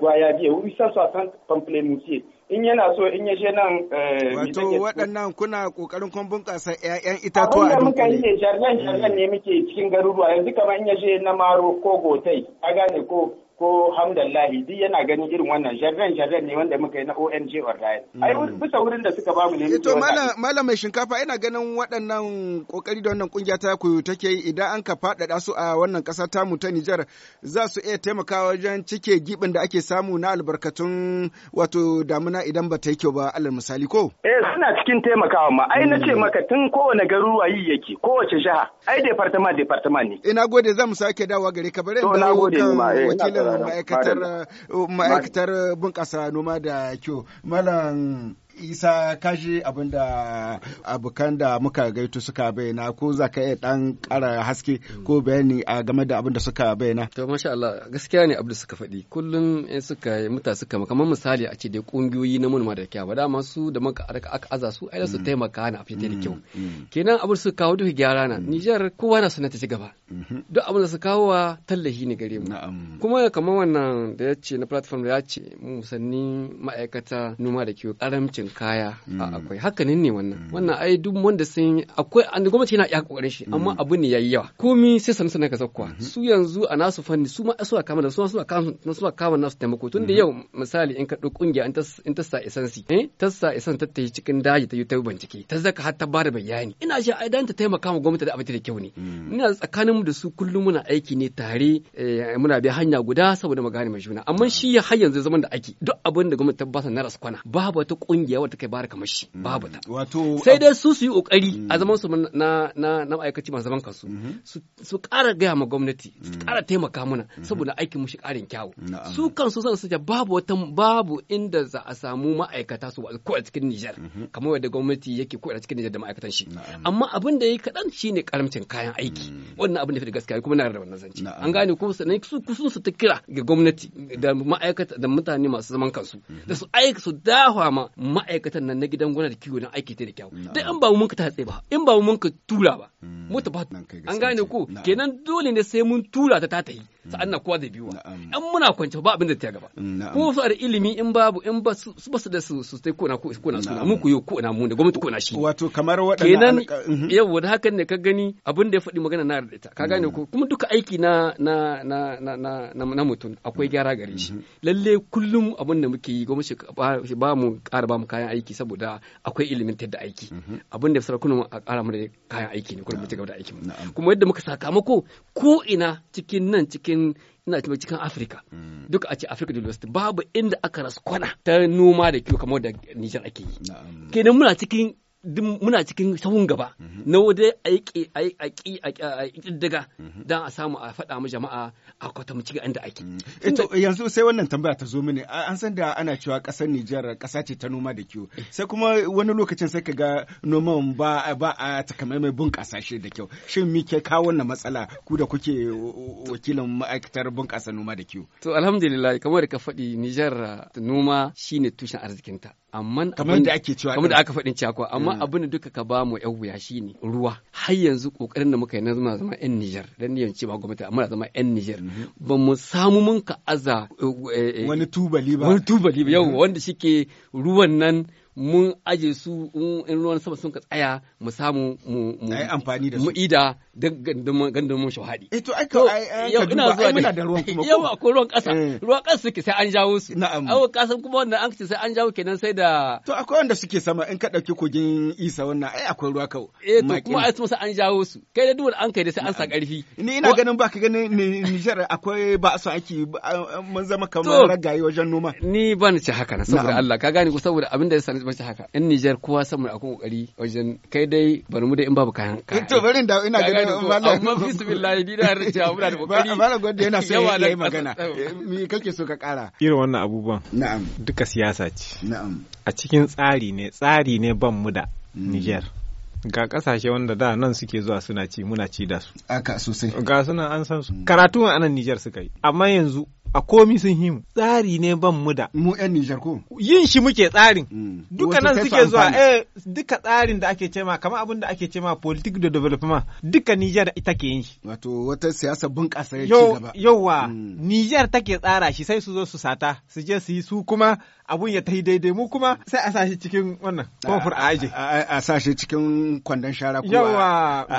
S4: gwayabiye, 860 pamplemousiers. In yana so in ya je nan
S1: eh, Wato waɗannan kuna ƙoƙarin kun bunƙasa 'ya'yan itatuwa a dunkule. Abin da muka yi
S4: jarnan jarnan ne muke cikin garuruwa yanzu kamar in ya je na Maro ko Gotai, a gane ko ko hamdallahi duk yana ganin irin wannan sharren sharren ne wanda muka yi na ONG online hmm. ai bisa wurin da suka bamu ne eh, to
S1: malam mai shinkafa ina ganin waɗannan kokari da wannan kungiya ta koyo take yi idan an ka faɗaɗa su a wannan ƙasa ta mu ta Nijar za su iya taimakawa wajen cike gibin da ake samu na albarkatun wato damuna idan ba ta yi kyau ba alal misali ko
S4: eh suna cikin taimakawa ma ai na ce hmm. maka tun kowane garuruwa yi yake kowace jiha
S1: ai department department ne ina gode zan mu sake dawowa gare ka bare da eh, wakilin ma'aikatar uh, uh, bunƙasa noma da kyau malam isa kashi abinda abokan da muka gaito suka bayyana ko za ka iya dan
S2: kara haske ko bayani a game da abinda suka bayyana to masha Allah gaskiya ne abin suka faɗi kullum in suka muta suka kamar misali a ce dai kungiyoyi na manoma da kyawa da masu da maka aka aza su ai su mm. taimaka na afiyar da kyau mm. Mm. kenan abin su kawo duk gyara na Nijar kowa na ta ci gaba mm-hmm. duk abin da su kawo wa tallahi ne gare mu kuma kamar wannan da ya ce na platform da ya ce mu ma'aikata noma da kiwo karamcin kaya mm. a akwai hakanin ne wannan mm. wannan ai duk wanda sun akwai an gwamnati yana iya kokarin shi amma mm. abu ne yayi yawa komi sai sanin sanin ka zakkuwa mm-hmm. su yanzu a nasu fanni su ma su kama da su suka kama su kama nasu taimako tun da mm-hmm. yau misali in ka ɗau kungiya in ta sa isansi eh ta sa isan ta tayi cikin daji ta yi ta bincike ta zaka har ta bada bayani ina ji ai dan ta taimaka ma gwamnati da abinci da kyau ne ina tsakanin mu da su kullum muna aiki ne tare eh, muna bi hanya guda saboda mu gane mai juna amma shi har yanzu zaman da ake duk abin da gwamnati ta ta na raskwana babu wata kungiya kungiya wadda kai bara kamar shi mm. babu ta sai dai su su yi ƙoƙari a mm. zaman su na na na ma'aikaci masu zaman kansu mm-hmm. su ƙara gaya ma gwamnati su mm. ƙara taimaka mana mm-hmm. saboda aikin mu shi ƙarin kyawu su kansu san su babu wata babu inda za a samu ma'aikata su ko a cikin Nijar mm-hmm. kamar yadda gwamnati yake ko a cikin Nijar da ma'aikatan shi amma abin da ya yi kaɗan ne ƙaramcin kayan aiki wannan abin da fi gaskiya kuma na da wannan zance an gane ko sannan su kusun su ta kira ga gwamnati da ma'aikata da mutane masu zaman kansu da su aika su dawa ma ma'aikatan nan na gidan gona da kiwo na aiki ta da kyau dai in ba mun ka tatse ba in ba mun ka tura ba mota hmm, ba an gane ko kenan dole ne sai mun tura ta ta yi sa'an na kowa zai biyo an muna kwanci ba abin da ta gaba ko su da ilimi in babu in ba su ba su da su su sai kona na suna mun ku ko na mu ne gwamnati na shi wato kamar waɗanda kenan mhm. yawa da hakan ne ka gani abin da ya faɗi magana na yarda ita ka gane ko kuma duka aiki na na na na na mutum akwai mm-hmm. gyara gare shi mm-hmm. lalle kullum abin da muke yi gwamnati ba mu ƙara ba mu kayan aiki saboda akwai ilimin da aiki mm-hmm. abin da sarakunan a ƙara mu da kayan aiki ne kuma mu ci gaba da aikin kuma yadda muka sakamako ko ina cikin nan cikin cikin ina cewa cikin Afirka mm. duk a ce Afirka da babu inda aka raskwana ta noma da kiwo kamar da Nijar ake yi kenan muna cikin duk muna cikin sahun gaba mhm. na wadai a yi a ƙiddiga mhm. don a samu a faɗa mu jama'a a kwatamci ga inda ake. Ito mhm. eh,
S1: yanzu sai wannan tambaya ta zo mini an san da ana cewa ƙasar Nijar ƙasa ce ta noma da kyau eh. sai kuma wani lokacin sai ka ga noman ba a mai bunƙasa shi da kyau shin mi ke kawo wannan matsala ku da kuke wakilin ma'aikatar bunƙasa noma da kyau.
S2: To alhamdulillah kamar da ka faɗi Nijar noma shine tushen arzikinta. Amma kamar da ake cewa kamar da aka faɗin cewa eh. amma amma mm. abin duka ka ba mu yan wuya shine ruwa har yanzu kokarin da muka yi na zama zama yan Niger dan ni ce ba gwamnati amma zama yan Niger mm-hmm. ba mu samu mun ka aza eh, eh, wani tubali ba wani tubali ba yau mm-hmm. wanda shike ruwan nan mun aje su in ruwan sama sun ka tsaya mu samu mu mu amfani da su mu ida duk gandumin shahadi. E eh, to aika ai yau ina zuwa muna da ruwan kuma. Yau akwai ruwan kasa. Eh. Ruwan kasa suke sai an jawo su. Na'am. Awo kasan kuma wannan an ce sai an jawo kenan sai da To akwai wanda suke
S1: sama in ka ɗauki kogin Isa wannan ai akwai ruwa kawo. E eh, to kuma ai
S2: sai an jawo su. Kai da duwal an kai da sai an sa ƙarfi. Ni ina ganin
S1: ba baka ganin Nijar akwai ba su aiki mun zama kamar
S2: ragaye wajen noma. Ni ban ci haka na saboda Allah ka gane ku saboda abin da ya sani ban ci haka. In Nijar kowa saboda akwai kokari wajen kai dai bari mu da in babu kayan. To bari da ina ganin amma fi su billahi ni da cewa muna da kokari malam gwanda yana so ya yi magana
S1: eh, me kake so ka kara
S3: irin wannan abubuwan na'am duka siyasa ce na'am a cikin tsari ne tsari ne ban mu da mm. Niger ga kasashe wanda da nan suke zuwa suna ci muna ci da su aka sosai ga suna an san su mm. karatu a nan Niger suka yi amma yanzu a komi sun himu tsari ne ban mu da mu yan Nijar ko yin shi muke tsarin mm. duka nan suke zuwa eh duka tsarin da ake cema kamar abin da ake cema politik da développement duka Nijar ita ke yin shi wato wata siyasa bunƙasa ya ci gaba yawa mm. Nijar take tsara shi sai su zo su sata su je su yi su kuma abun ya tafi daidai mu kuma sai a sashi cikin wannan kofur
S1: a aje a sashi cikin kwandon shara ko yawa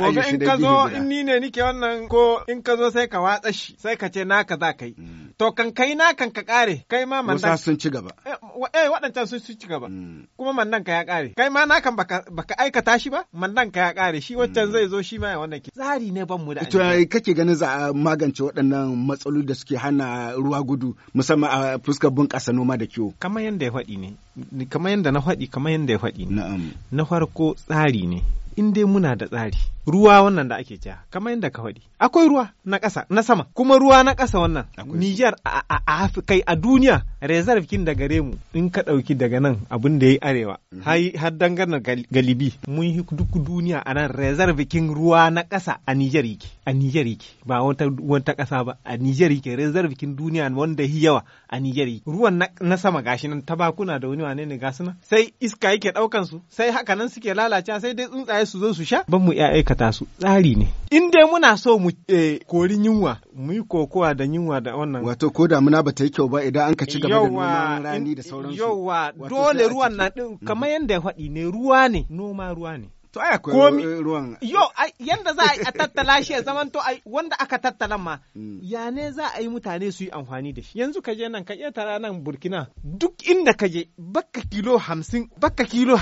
S1: gobe in ka zo in
S3: ni ne nike wannan ko in ka zo sai ka watsa shi sai ka ce naka za ka yi mm. To kan kai na kan ka kare kai ma mandan. wasa sun ci gaba. Eh, eh waɗancan sun ci gaba. Mm. Kuma mandan ka ya kare. Kai ma na kan baka aikata shi ba mandan ka ya kare shi waccan mm. zai zo shi ma ya wannan ke. Tsari ne ban mu da. To kake
S1: ganin za a magance waɗannan matsaloli da suke hana ruwa gudu musamman a fuskar bunƙasa noma da kiwo. Kamar yanda ya faɗi
S3: ne. Kamar yanda na faɗi kamar yanda ya faɗi. Na'am. Na farko tsari ne. in dai muna da tsari ruwa wannan da ake ja kamar yadda ka faɗi akwai ruwa na ƙasa na sama kuma ruwa na ƙasa wannan Nijar a kai a duniya reserve kin da gare mu in ka ɗauki daga nan abin da ya yi arewa mhm. har dangana galibi mun yi duk duniya a nan reserve kin ruwa na ƙasa a Nijar yake a Nijar yake ba wata wata ƙasa ba a Nijar yake reserve kin duniya wanda yi yawa a Nijar yake ruwan na sama gashi nan tabakuna da wani wane ne gasu nan sai iska yake ɗaukan su sai haka nan suke lalacewa sai dai tsuntsaye iyaye su zo su sha ban mu aikata su tsari ne in dai muna so mu eh, kori yunwa mu yi kokowa da yunwa da wannan wato ko damuna ba ta yi kyau ba idan an ka ci gaba da noman rani da sauransu yauwa dole ruwan na din mm. kamar yadda ya faɗi ne ruwa ne noma ruwa ne To ai akwai ruwan. Yo, yanda za a tattala shi ya zaman to wanda aka tattala ma, mm. ya ne za a yi mutane su yi amfani da shi. Yanzu ka je nan ka tara nan Burkina duk inda ka je kilo hamsin baka kilo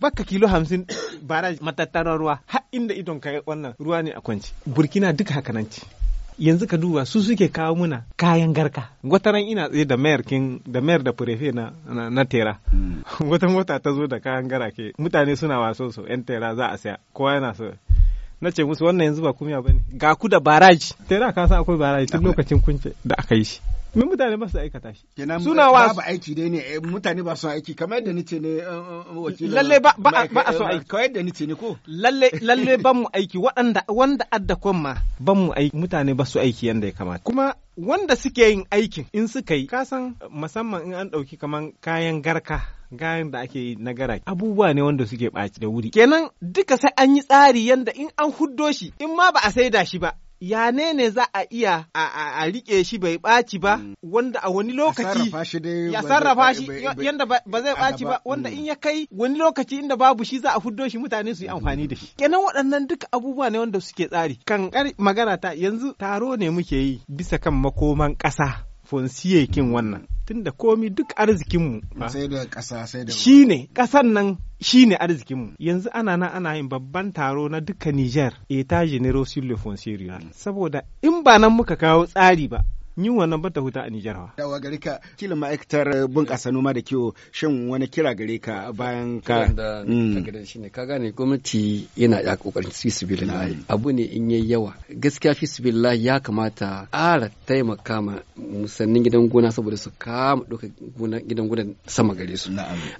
S3: baka kilo hamsin baraj. matattarar ruwa har inda idon ka wannan ruwa ne a kwanci. Burkina duk haka nan ce. yanzu ka duba su suke kawo muna kayan garka ran ina tsaye da mayar kin da mayar da furefe na na, tera hmm. wata mota ta zo da kayan ke mutane suna waso su yan tera za a saya kowa yana so na ce musu wannan yanzu ba kumiya bane ga ku da baraji tera ka san akwai baraji tun lokacin kunce da aka yi shi min mutane ba su aikata shi
S1: suna wa ba aiki dai ne eh, mutane ba su aiki kamar yadda nice ne eh, eh, wakilin lalle ba a so aiki
S3: kamar yadda nice ne ko lalle lalle ban mu aiki waɗanda wanda adda kon ma ban mu aiki mutane ba su aiki yanda ya kamata kuma wanda suke yin aikin in suka yi kasan musamman in an ɗauki kaman kayan garka gayan da ake yi na gara abubuwa ne wanda suke ɓaci da wuri kenan duka sai an yi tsari yanda in an huddo shi in ma ba a saida shi ba ya ne ne za a iya a rike shi bai ɓaci ba mm. wanda a wani lokaci ya sarrafa shi yadda ba zai ɓaci ba wanda mm. in ya kai wani lokaci inda babu shi za a huddo shi mutane su yi amfani da shi kenan waɗannan duka abubuwa ne wanda suke tsari kan magana ta yanzu taro ne muke yi bisa kan makoman ƙasa fonsiye kin wannan tunda komi duk arzikinmu sai da ƙasa sai da ne ƙasan nan shi ne arzikinmu yanzu ana nan ana yin babban taro na duka Niger eta generosile foncier mm. saboda in ba nan muka kawo tsari ba yin wannan bata huta a Nijar wa. Yawa
S1: gare ka kila ma'aikatar eh, bunƙasa noma da kiwo shin wani kira gare ka bayan ka. Da mm.
S2: gidan shi ne ka gane gwamnati yana ya kokarin fi sibillahi mm. abu ne in yayi yawa gaskiya fi sibillahi ya kamata ƙara taimaka ma musannin gidan gona saboda su kama ɗauka gidan gona sama gare su.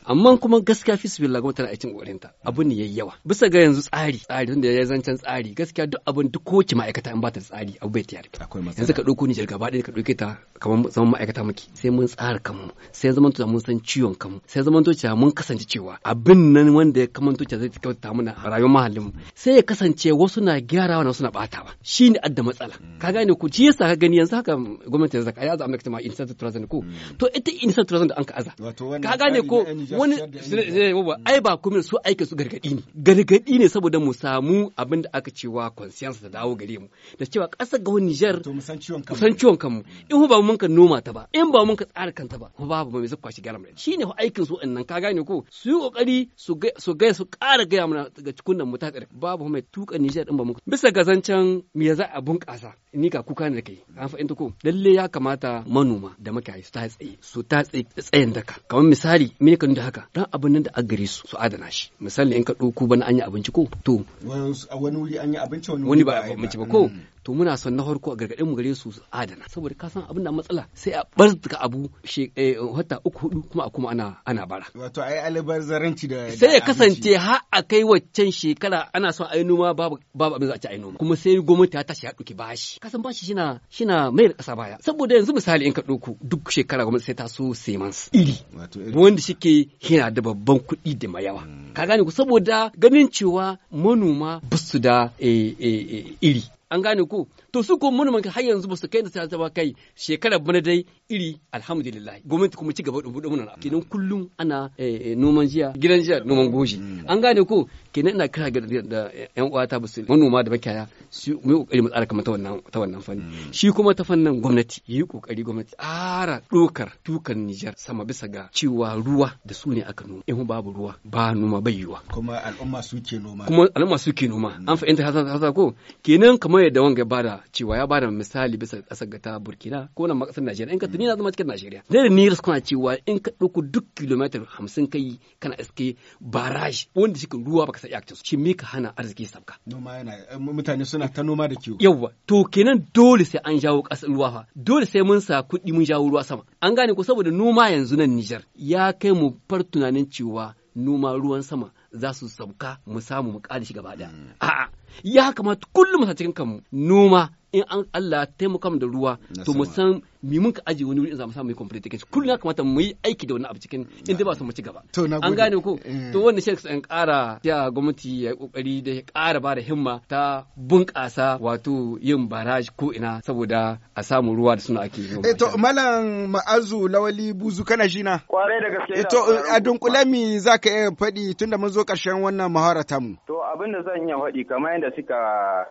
S2: Amma kuma gaskiya fi sibillahi gwamnati na aikin ta abu ne yayi yawa bisa ga yanzu tsari tsari tunda ya zancen tsari gaskiya duk abin duk kowace ma'aikata in ba ta tsari abu bai tiyar. Yanzu ka ɗauko Nijar gaba ɗaya ka ɗauke ta kamar zaman ma'aikata muke sai mun tsara kanmu sai zaman tuta mun san ciwon kanmu sai zaman tuta mun kasance cewa abin nan wanda ya kaman tuta zai kyauta mana rayuwar mahallin mu sai ya kasance wasu na gyarawa na bata batawa shi ne adda matsala mm. ka gane ku ci yasa ka gani yanzu haka gwamnati yanzu ka aza amurka ma inisa turazan ko mm. to ita inisa turazan da an ka aza ka gane ko wani eh, ai ba kuma su aika su gargadi ne gargadi ne saboda mu samu abin da aka cewa conscience da dawo gare mu da cewa ƙasar ga wani Niger san ciwon kanmu kanmu in ba mun ka noma ta ba in ba mun ka tsara kanta ba ko babu mai zakwa shi gyara mu shine fa aikin su annan ka gane ko su yi kokari su ga su ga su ƙara ga mana daga cikin nan mu ta tsare babu mai tuka Niger din ba mun bisa ga zancen me za a bunƙasa ni ka kuka ne da kai an fahimta ko lalle ya kamata manoma da makiyayi su ta tsaye su ta tsayin daka kamar misali me ka da haka dan abin nan da a gare su su adana shi misali in ka ɗauko bana an yi abinci ko to wani wuri an yi abinci wani wani ba abinci ba ko mm. to muna son na farko gargaɗin mu gare su adana saboda ka san abin da matsala sai a barzuka abu shi eh, wata uku hudu kuma a kuma ana ana bara wato ai albarzaranci da sai ya kasance ha a kai waccan shekara ana son ai noma babu babu abin za a ci ai noma kuma sai gwamnati ta tashi ya duki bashi ka san bashi shina shina mai kasa baya saboda yanzu misali in ka ɗauko duk shekara gwamnati sai ta so semans iri wanda shike yana da babban kuɗi da mayawa hmm. ka gane ku saboda ganin cewa manoma ba da eh, eh, iri an gane ku to su ko manoman har yanzu ba su kai da sai ba kai shekara bana dai iri alhamdulillah gwamnati kuma ci gaba da bude mana kenan kullum ana eh, eh, noman jiya gidan jiya noman goji mm. an gane ku kenan ina kira ga da yan uwa ta basu manoma da makiyaya su mu kokari mu tsara kamar ta wannan ta wannan fanni mm. shi kuma ta fannin gwamnati yi kokari gwamnati ara dokar tukan Nijar sama bisa ga cewa ruwa da su ne aka noma in babu ruwa ba noma bai yiwa kuma al'umma suke noma kuma al'umma suke noma an fahimta hasa ko kenan kamar yadda wanga bada cewa ya bada misali bisa kasar ta Burkina ko nan makasar Najeriya in ka tuni na zama cikin Najeriya da ne kuma cewa in ka dauko duk kilometer 50 kai kana iske barrage wanda shi ruwa baka ta shi me ka hana arziki sabka noma yana eh, mutane suna ta noma da kiwo yawa to kenan dole sai an jawo kasar ruwa fa dole sai mun sa kuɗi mun jawo ruwa sama an gane ko saboda noma yanzu nan Nijar ya kai mu far tunanin cewa noma ruwan sama za su sauka mu samu mu ƙare shi gaba ɗaya mm. a'a ya kamata kullum sa cikin kanmu noma in an Allah taimaka mu da ruwa to mu san mi mun ka aje wani wuri in za mu samu complete kitchen kullum ya kamata mu yi aiki da wannan abu cikin in dai ba su mu ci gaba an gane ko eh. to wannan shi an ƙara ya gwamnati ya kokari da ya ƙara ba da himma ta bunƙasa wato yin barrage ko ina saboda a samu ruwa da suna ake yi eh,
S1: to malam ma'azu lawali buzu kana jina kware da gaske eh, to a dunkule mi zaka iya faɗi tunda mun zo ƙarshen wannan muhawara mu
S4: to abin da zan iya faɗi kamar yadda suka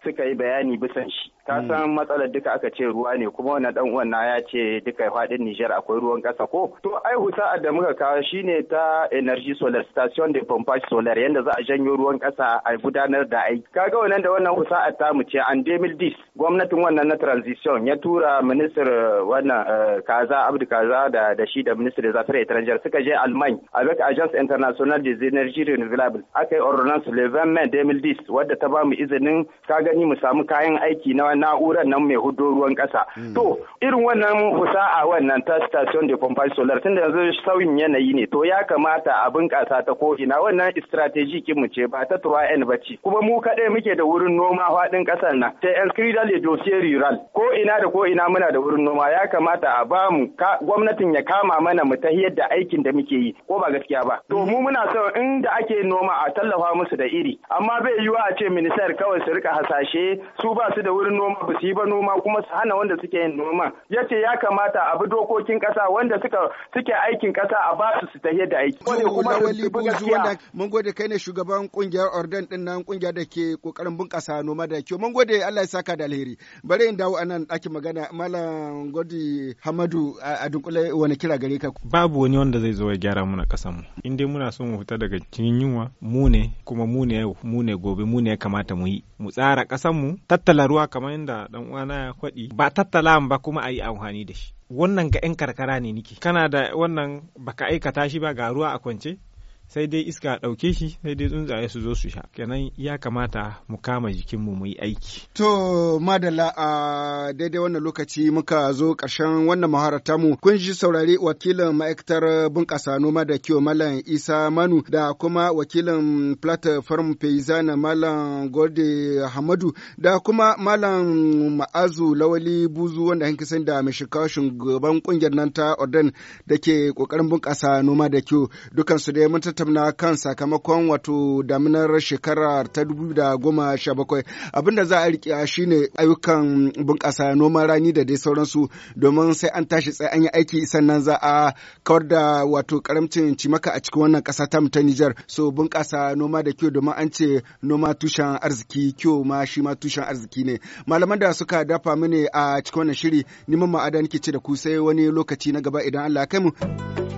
S4: suka yi bayani bisan shi ka san matsalar duka aka ce ruwa ne kuma wannan dan uwan na ya ce duka faɗin Niger akwai ruwan kasa ko to ai sa'ar da muka kawo shine ta energy solar station de pompage solar yanda za a janyo ruwan kasa a gudanar da aiki kaga wannan da wannan a ta mu ce an demil dis gwamnatin wannan na transition ya tura minister wannan eh, kaza abdu kaza da da shi da minister da zafi étrangère suka je alman avec agence international des énergies renouvelables aka yi ordonnance le 20 mai 2010 wadda ta ba mu izinin ka gani mu samu kayan aiki na na'urar nan mai hudo ruwan kasa hmm. To irin wannan fusa'a wannan ta station de pompage solar tunda yanzu sauyin yanayi ne to ya kamata a bunƙasa ta ko'ina. wannan strategy mu ce ba ta Turayen ba ce. Kuma mu kaɗai muke da wurin noma faɗin ƙasar nan. Ta Enskrida le dossier rural Ko'ina da ko'ina muna da wurin noma ya kamata a ba mu gwamnatin ya kama mana mu ta yadda aikin da muke yi ko ba gaskiya ba. To mu muna son inda ake noma a tallafa musu da iri amma bai yiwuwa a ce minisar kawai su rika hasashe su ba su da wurin noma ba su yi ba noma kuma su hana wanda suke yin noma ya ce ya kamata a bi dokokin kasa wanda suka suke aikin kasa a ba su su da aiki kuma
S1: mun gode kai ne shugaban kungiyar ordan din nan kungiyar da ke kokarin bunkasa noma da kyau mun gode Allah ya saka da alheri bari in dawo anan ɗakin magana malam godi hamadu a dunkule
S3: wani kira gare ka babu wani wanda zai zo ya gyara mana kasan mu in dai muna son mu fita daga cikin yunwa mu ne kuma mu ne mu ne gobe mu ne ya kamata mu yi mu tsara kasan mu tattala ruwa kamar yadda da dan uwana kwaɗi ba tattala ba kuma a yi amfani da shi wannan ga 'yan karkara ne nike kana da wannan baka aikata shi ba ga ruwa a kwance sai dai iska a ɗauke shi sai dai tsuntsaye su zo su sha kenan ya kamata mu kama jikinmu mu yi aiki. To
S1: madala a daidai wannan lokaci muka zo ƙarshen wannan muharar mu kun ji saurari wakilin ma'aikatar bunƙasa noma da kiwo malam Isa Manu da kuma wakilin platform Peizana malam Gode Hamadu da kuma malam Ma'azu Lawali Buzu wanda hanki san da mai shikawa shugaban ƙungiyar nan ta Oden da ke ƙoƙarin bunƙasa noma da kiwo dukansu dai mun tattauna kan sakamakon wato daminar shekara ta 2017 abinda za a riƙe shi ne ayyukan bunƙasa noman rani da dai sauransu domin sai an tashi sai an yi aiki sannan za a kawar da wato karamcin cimaka a cikin wannan ƙasa ta ta Nijar so bunƙasa noma da kyau domin an ce noma tushen arziki kyau ma shi ma tushen arziki ne malaman da suka dafa mini a cikin wannan shiri neman ma'ada nake ce da ku sai wani lokaci na gaba idan Allah ya kai mu.